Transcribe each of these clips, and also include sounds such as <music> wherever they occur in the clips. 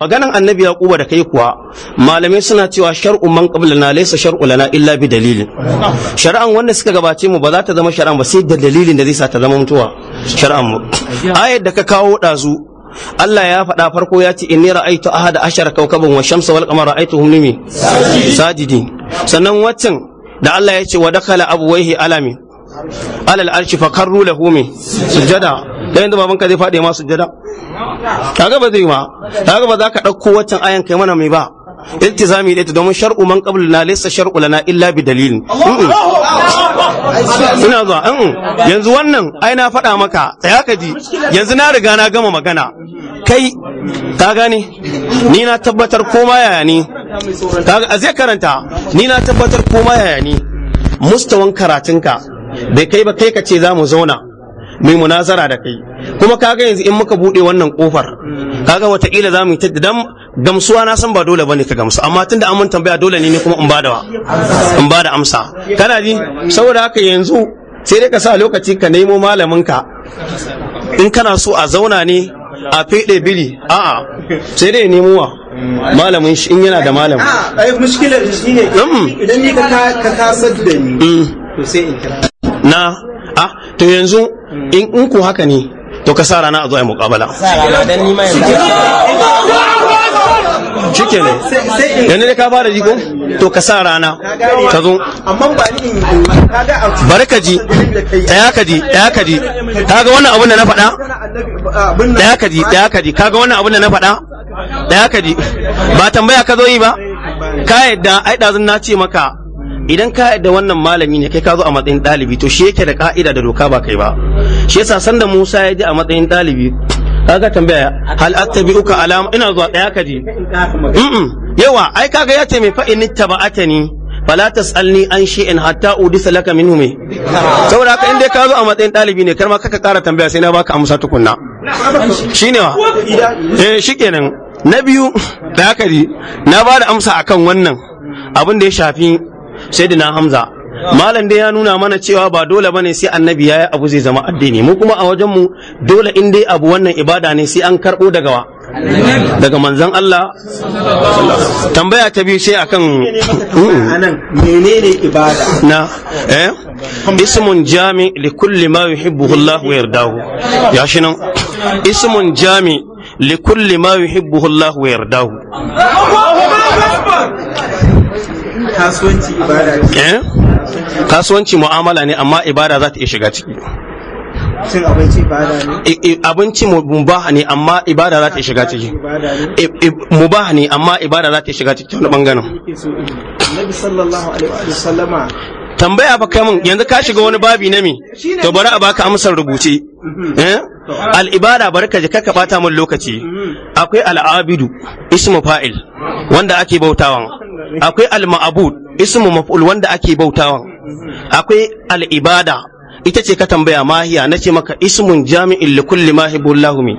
maganan annabi yaquba da kai kuwa malamai suna cewa shar'u man qablana laysa shar'u lana illa bi dalilin shar'an wanda suka gabace mu ba za ta zama shar'an ba sai da dalilin da zai sa ta zama mutuwa shar'an mu ayar da ka kawo dazu Allah ya faɗa farko ya ce inni ra'aytu ahada ashara kawkaban wa shamsa wal qamara ra'aytuhum limi sajidi sannan waccan da Allah ya ce wa dakhala abuwaihi alami alal arshi fa karru lahu mi sujada dan da babanka zai faɗi ma sujada kaga ba zai ma kaga ba za ka ɗauko waccan ayan kai mana mai ba iltizami yi ita domin shar'u man qabl na laysa shar'u lana illa bi dalilin ina zuwa yanzu wannan ai na faɗa maka tsaya ka ji yanzu na riga na gama magana kai ka gane ni na tabbatar koma yaya ne a zai karanta ni na tabbatar koma yaya ne mustawan karatunka bai kai ba kai ka ce za mu zauna mai munazara da kai kuma kaga yanzu in muka bude wannan kofar kaga watakila za mu yi ta dan gamsuwa na san ba dole bane ka gamsu amma tunda an mun tambaya dole ne kuma in bada in bada amsa kana ji saboda haka yanzu sai dai ka sa lokaci ka nemo malamin ka in kana so a zauna ne a fede bili a'a sai dai nemo wa malamin shi in yana da malamin yi mushkilar shi ne mm. idan ni ka ka kasar da ni mm. to sai in kira na to yanzu in in ku haka ne to ka sa rana a zo ai muqabala shike ne yanzu ne ka fara jiko to ka sa rana ka zo bari ka ji ɗaya ka ji ɗaya ka ji ka ga wannan abin da na faɗa ɗaya ka ji ɗaya ka ji ka ga wannan abin da na faɗa ɗaya ka ji ba tambaya ka zo yi ba ka yadda ai ɗazun na ce maka idan ka da wannan malami ne kai ka zo a matsayin ɗalibi to shi yake da ka'ida da doka ba kai ba shi yasa sanda Musa ya ji a matsayin ɗalibi kaga tambaya hal attabi'uka alama ina zuwa daya ka ji yawa ai kaga ya ce mai fa in taba'atani fala tasalni an shay'in hatta udisa laka minhu me saboda haka inda ka zo a matsayin ɗalibi ne karma kaka kara tambaya sai na baka amsa tukunna shine wa eh shikenan na biyu da haka ji na ba da amsa akan wannan abin da ya shafi Saidina hamza malam dai ya nuna mana cewa ba dole bane sai annabi yayi abu zai zama addini mu kuma a wajen mu dole in dai abu wannan ibada ne sai an karbo daga wa daga manzon Allah tambaya ta biyu sai akan anan menene ibada na eh ismun jami li kulli ma yuhibbuhu Allah wa yardahu ya shi nan ismun jami li kulli ma yuhibbuhu Allah wa yardahu kasuwanci ibada eh? kasuwanci mu'amala ne amma ibada za ta iya shiga ciki abinci mubaha ne ne amma ibada za ta iya shiga ciki mubaha ne amma ibada za ta iya shiga ciki wani bangaren tambaya ba kai mun yanzu ka shiga wani babi na me to bari a baka amsar rubuce mhm. eh al'ibada bari ka je kaka bata min lokaci mm-hmm. akwai al'abidu ismu fa'il wanda ake bautawa akwai al-ma'bud ismu maf'ul wanda ake bautawa mm-hmm. akwai al'ibada ita ce ka tambaya mahiya na ce maka ismun jami'in li kulli mahibullahu mi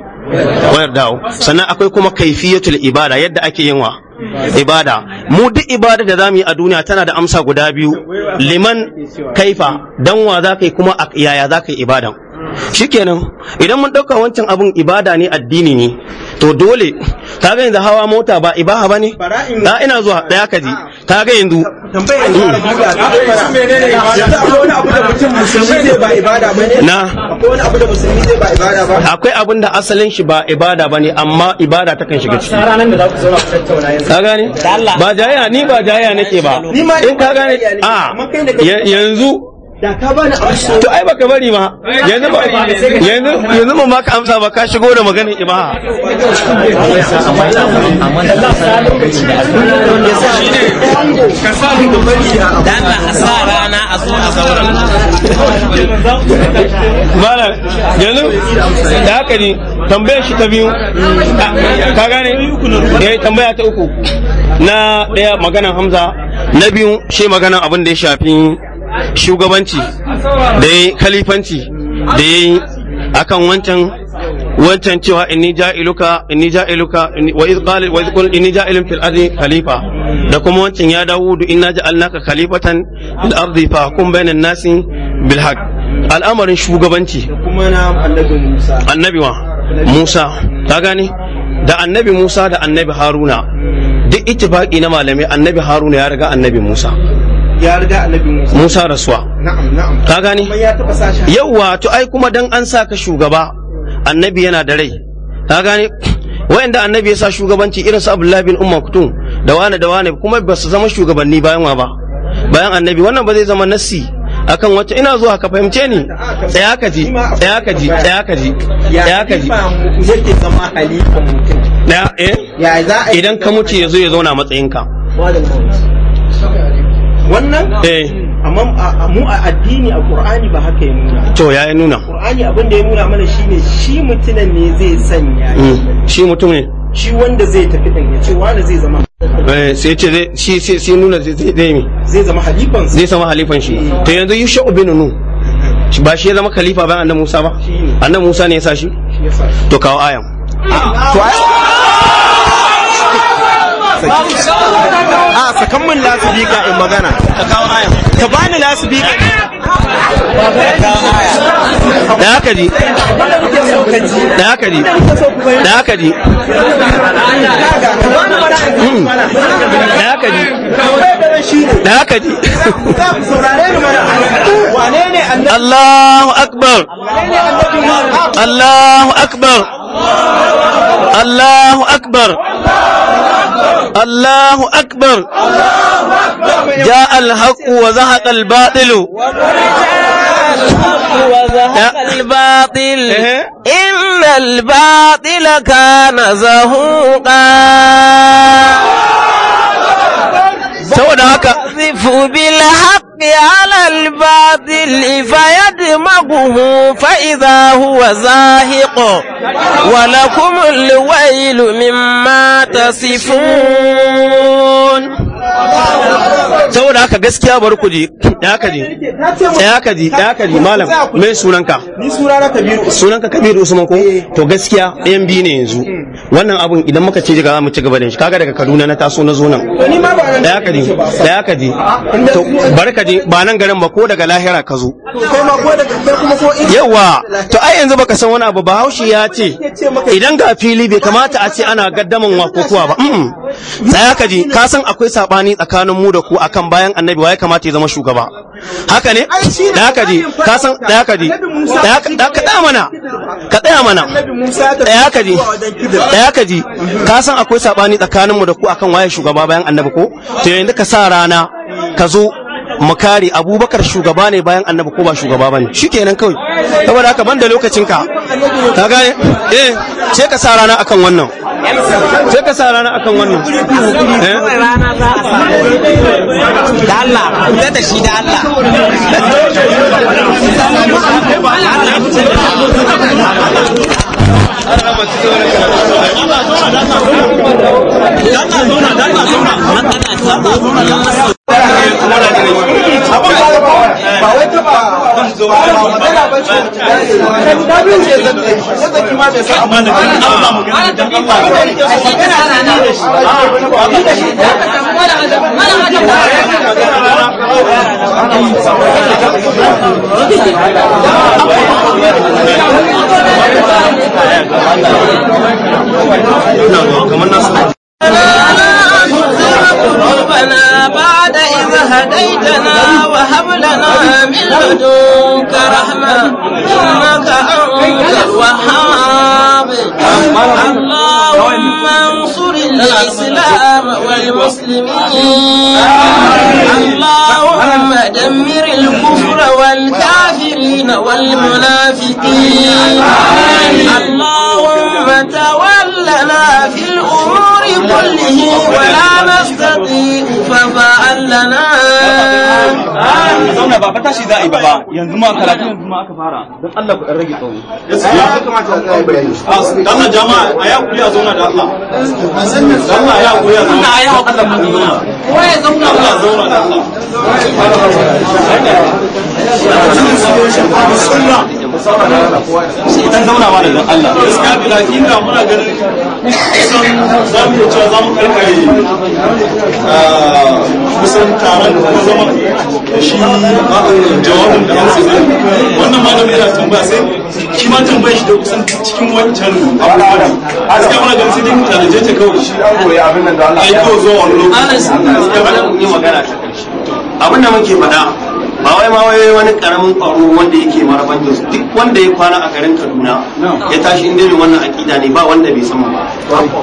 wayar dawo sannan akwai kuma kaifiyatul ibada yadda ake yin wa ibada mu duk ibada da zamu yi a duniya tana da amsa guda biyu liman kaifa dan wa zaka yi kuma yaya zaka yi ibadan shikenan idan mun ɗauka wancan abun ibada ne addini ne to dole ta ga yanzu hawa mota ba ibaha ba ne da ina zuwa daya ka ji ta ga yanzu na akwai abun da asalin shi ba ibada ba ne amma ibada ta kan shiga ciki ka gane ba jaya ni ba jaya nake ba in ka gane a yanzu da to ai baka bari ma yanzu ba yanzu yanzu ba ka amsa ba ka shigo da maganar ibaha ka sa mu a sa rana a yanzu da haka shi ta biyu eh, tambaya ta uku na daya maganar hamza na biyu shi maganar abin da ya shafi shugabanci da ya kalifanci da ya yi akan wancan wancan cewa inni ja'iluka inni ja'iluka wa iz qala wa iz qul inni ja'ilun fil ardi khalifa da kuma wancan ya dawo dawudu inna ja'alnaka khalifatan fil ardi fa hukum bainan nasi bil haqq al'amarin shugabanci kuma na annabi Musa annabi wa Musa ka gane da annabi Musa da annabi Haruna duk ittifaqi na malamai annabi Haruna ya riga annabi Musa ya riga annabi Musa Musa rasuwa na'am na'am ka gane yawa to ai kuma dan an saka shugaba annabi yana da rai ka gane wayanda annabi ya sa shugabanci irin su Abdullahi bin Umma Kutum da wane da wane kuma ba su zama shugabanni bayan wa ba bayan annabi wannan ba zai zama nassi akan wata ina zuwa ka fahimce ni tsaya ka ji tsaya ka ji tsaya ka ji tsaya ka ji zai zama halifan mutum eh? idan ka mutu ya zo ya zauna ka. wannan eh amma mu a addini a qur'ani ba haka ya nuna to ya ya nuna qur'ani abin da ya nuna mana shine shi mutunan ne zai sanya hmm. shi mutum ne shi wanda zai tafi din ya ce wanda zai zama eh, sai ce shi sai nuna zai zai mi zai zama halifan zai zama halifan shi hmm. to yanzu yusha bin nun <laughs> ba shi ya zama khalifa bayan annabi Musa ba annabi Musa ne ya sa shi to kawo ayan ah, ah. to ayan a ah, sakan min lasifika in magana ka bani lasifika da haka ji da haka ji da haka ji hmm. da haka ji da haka ji الله أكبر الله أكبر الله أكبر الله أكبر جاء الحق وزهق الباطل وزهق الباطل إيه؟ إن الباطل كان زهوقا الباطل فيدمغه فإذا هو زاهق ولكم الويل مما تصفون saboda haka gaskiya bari ku ji ya ka ji ya ka ji ya ka ji malam me sunanka ni sunana kabiru sunanka kabiru usman ko eh. to gaskiya ɗayan biyu ne yanzu hmm. wannan abun idan muka ce ga mu ci gaba da shi kaga daga Kaduna na taso na zo nan da ya ka ji da ya ka ji to bari ka ji ba nan garin ba ko daga lahira ka zo yawa to ai yanzu baka san wani abu ba haushi ya ce idan ga fili bai kamata a ce ana gaddaman wakokuwa ba tsaya ka ji ka san akwai sabani tsakanin mu da ku akan bayan annabi waye kamata ya zama shugaba haka ne da ka ji ka san da ka ji da ka da mana ka da mana da ka ji da ka ji ka san akwai sabani tsakanin mu da ku akan waye shugaba bayan annabi ko to yanzu ka sa rana ka zo mu kare abubakar shugaba ne bayan annabi ko ba shugaba bane shikenan kawai saboda haka banda lokacinka ka gane eh sai ka sa rana akan wannan sai ka sa rana akan wannan eh? rana za sa da Allah da magana ba ma san a ana nan da shi da shi da ka mara da نرجوك رحمة إنك أنت الوهاب اللهم انصر الإسلام والمسلمين اللهم دمر الكفر والكافرين والمنافقين اللهم تولنا في الأمور كله ولا نستطيع ففاق a zauna ba fata shi za a yi ba ba yanzu ma kala yanzu ma aka fara don Allah ku rage ya kamata a bayani ah, Allah jama'a a ya kuri zauna da Allah Allah ya a zauna Allah ya Allah mu zauna ya zauna Allah zauna da Allah shi dan zaunawa da dan Allah gaskiya bila inda muna ganin kusan za mu cewa za mu karkare ah, kusan taron da zama da shi jawabin da yansu zai wannan malamin yana tambaya sai shi ma tambayar shi da kusan cikin wancan abubuwa gaskiya muna ganin sai dai mu tanaje ta kawai shi an koyi abin nan da Allah ya zuwa wani lokaci abin da muke faɗa ba wai ma wai wani karamin kwaro wanda yake maraban jos duk wanda ya kwana a garin kaduna ya tashi inda ne wannan akida ne ba wanda bai sama ba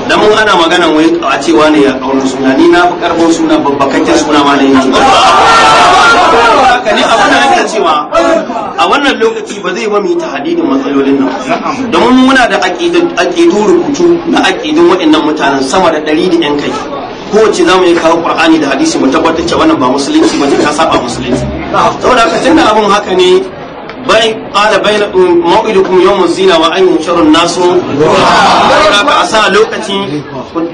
da mun ana magana wai a cewa ne ya kauna suna ni na fi suna babbakakken suna ma da yanzu haka ne abin da ake cewa a wannan lokaci ba zai ba mu yi tahadidin matsalolin nan domin muna da aƙidu rubutu na aƙidun waɗannan mutanen sama da ɗari da ƴan kai kowace mu yi kawo ƙwar'ani da hadisi mu tabbatar cewa wannan ba musulunci ba ce ta saba musulunci saboda haka da abun haka ne bai qala bayna maw'idukum yawm zina wa an yusharu an-nasu ka asa lokacin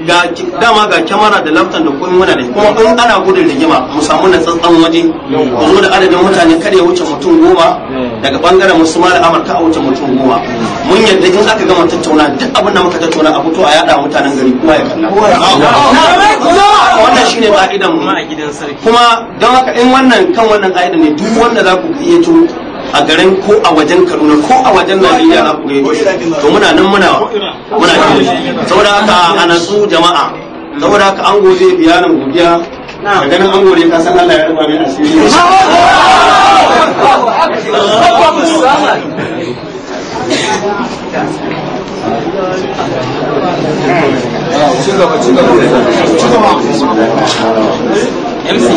ga dama ga kyamara da laftan da kuma muna da kuma in ana gudun rigima mu samu na tsantsan waje ku zo da adadin mutane kada ya wuce mutum goma daga bangaren musulman amurka a wuce mutum goma mun yadda in aka gama tattauna duk abin da muka tattauna a fito a yada mutanen gari kuma ya kalla wannan shine ka'idan mu kuma don haka in wannan kan wannan ka'idan ne duk wanda za ku iya turo a garin ko a wajen kaduna ko a wajen najeriya na koyi to muna nan muna muna saboda haka a nasu jama'a saboda haka an goje biyanin godiya a ganin an gode ka san allah ya rufa min asiri MC,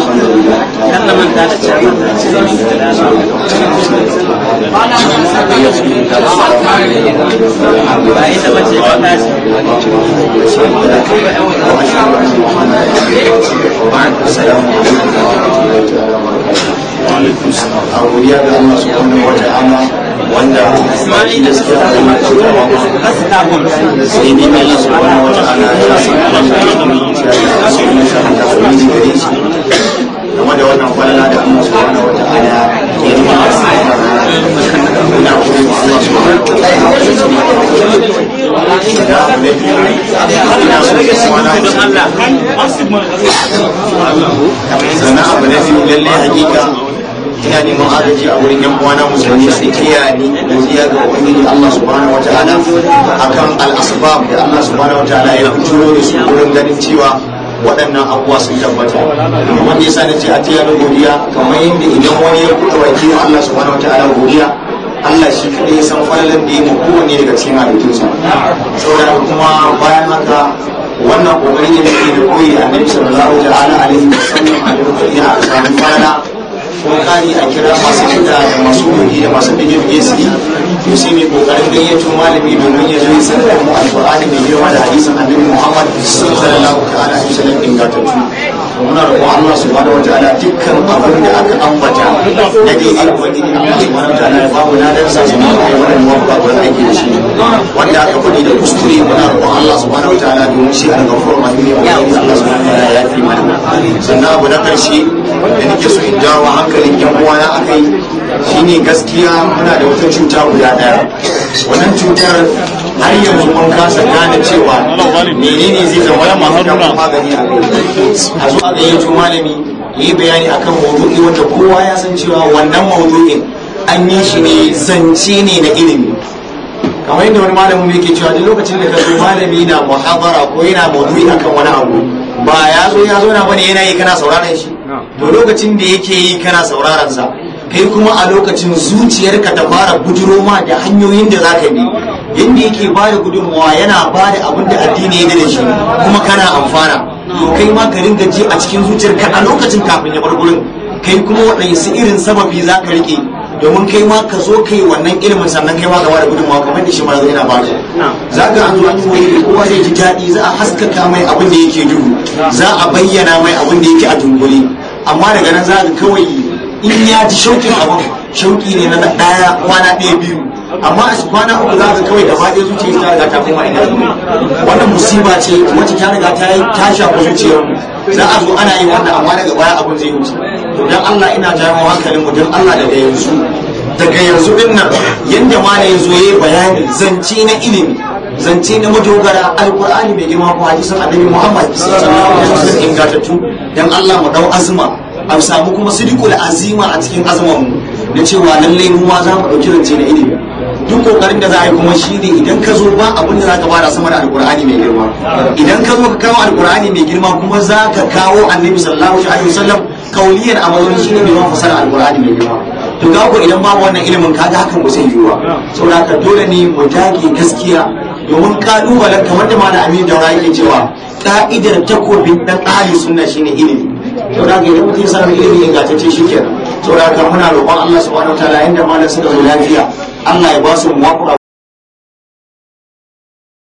na da cewa da السلام عليكم ورحمة الله وبركاته. وعليكم السلام. أو يا الله سبحانه وتعالى wanda baki da suke da mai kautawa ba sai ne mai nasu wani wata ana ya sami wani da ya sami nasa da wani gare shi game da wannan kwallon da an da ji a wurin yan uwana musulmi su kiya ni godiya ga ubangiji Allah subhanahu wataala akan al-asbab da Allah subhanahu wataala ya fito da su wurin ganin cewa waɗannan abuwa sun tabbata wanda yasa na ce a tiya da godiya kamar yadda idan wani ya kuɗa wa Allah subhanahu wataala godiya Allah shi kaɗai ya san falalan da ya ma kowanne daga cikin halittunsa saboda kuma bayan haka wannan kokarin da yake da koyi a annabi sallallahu ta'ala alaihi wasallam a lokacin da aka samu fara kokari a kira masu kiɗa da masu wuri da masu bige-bige su yi to sai mai kokarin gayyato malami domin ya zo sanar da mu alƙur'ani mai girma da hadisin annabi Muhammad sallallahu alaihi wasallam ingantattu muna Allah subhanahu wa ta'ala dukkan abin da aka ambata da dai alƙawari Allah subhanahu wa ta'ala ya bamu ladan sa kuma ya mana muwaffaqa ga aiki da shi wanda aka kudi da kuskure muna roƙon Allah subhanahu wa ta'ala domin shi al-ghafur rahim ya Allah subhanahu wa ta'ala ya fi mana sannan abu na karshe da nake so in jawo hankalin yan uwana a kai shine gaskiya muna da wata cuta guda daya wannan cutar har yanzu mun kasa gane cewa menene zai zama ya magani a zuwa ga yanzu malami yi bayani akan maudu'i wanda kowa ya san cewa wannan maudu'in an yi shi ne zance ne na ilimi kamar yadda wani malamin yake cewa duk lokacin da ka zo malami na muhabara ko yana maudu'i akan wani abu ba ya zo ya zo na bane yana yi kana sauraron shi to lokacin da yake yi kana sauraron sa kai kuma a lokacin zuciyarka ta fara bujiro ma da hanyoyin da zaka ka bi yadda yake ba da gudunmawa yana ba da abin da addini ya da shi kuma kana amfana to kai ma ka ringa ji a cikin zuciyarka a lokacin kafin ya bar kai kuma waɗansu irin sababi za ka rike domin kai ma ka zo kai wannan ilimin sannan kai ma ka bada gudunmawa kamar da shi ma zai ba da za ka an zo an koyi kowa zai ji daɗi za a haskaka mai abin da yake duhu za a bayyana mai abin da yake a dungule amma daga nan za ka kawai in ya ji shauƙin abu shauƙi ne na ɗaya kwana ɗaya biyu amma a kwana uku za ka kawai gaba ɗaya zuciya ta riga ta koma ina wannan musiba ce wacce ta riga ta yi ta shafi zuciyar za a zo ana yi wannan amma daga baya abun zai wuce to dan Allah ina jawo hankalin mu dan Allah daga yanzu daga yanzu din nan yanda ma na yanzu yayi bayani zance na ilimi zance na madogara alkur'ani mai girma ko hadisin annabi muhammad sun ingantattu dan allah mu dau azuma a samu kuma sidikul azima a cikin azuman mu na cewa lallai mu ma za mu dauki zance na ilimi duk kokarin da za a yi kuma shi ne idan ka zo ba abin da za ka bada sama da alkur'ani mai girma idan ka zo ka kawo alkur'ani mai girma kuma za ka kawo annabi sallallahu alaihi wasallam kauliyar a shi ne mai fasara alkur'ani mai girma to ga ku idan babu wannan ilimin kaga hakan ba zai yiwu ba saboda dole ne mu dage gaskiya domin kalubalen kamar da mana amin da wani yake cewa ka'idar takobin dan ahli sunna ne ilimi to da ga mutum ya samu ilimi ingantacce shikenan to da ka muna roƙon Allah subhanahu wataala inda malam suka zo lafiya Allah ya ba su muwafaqa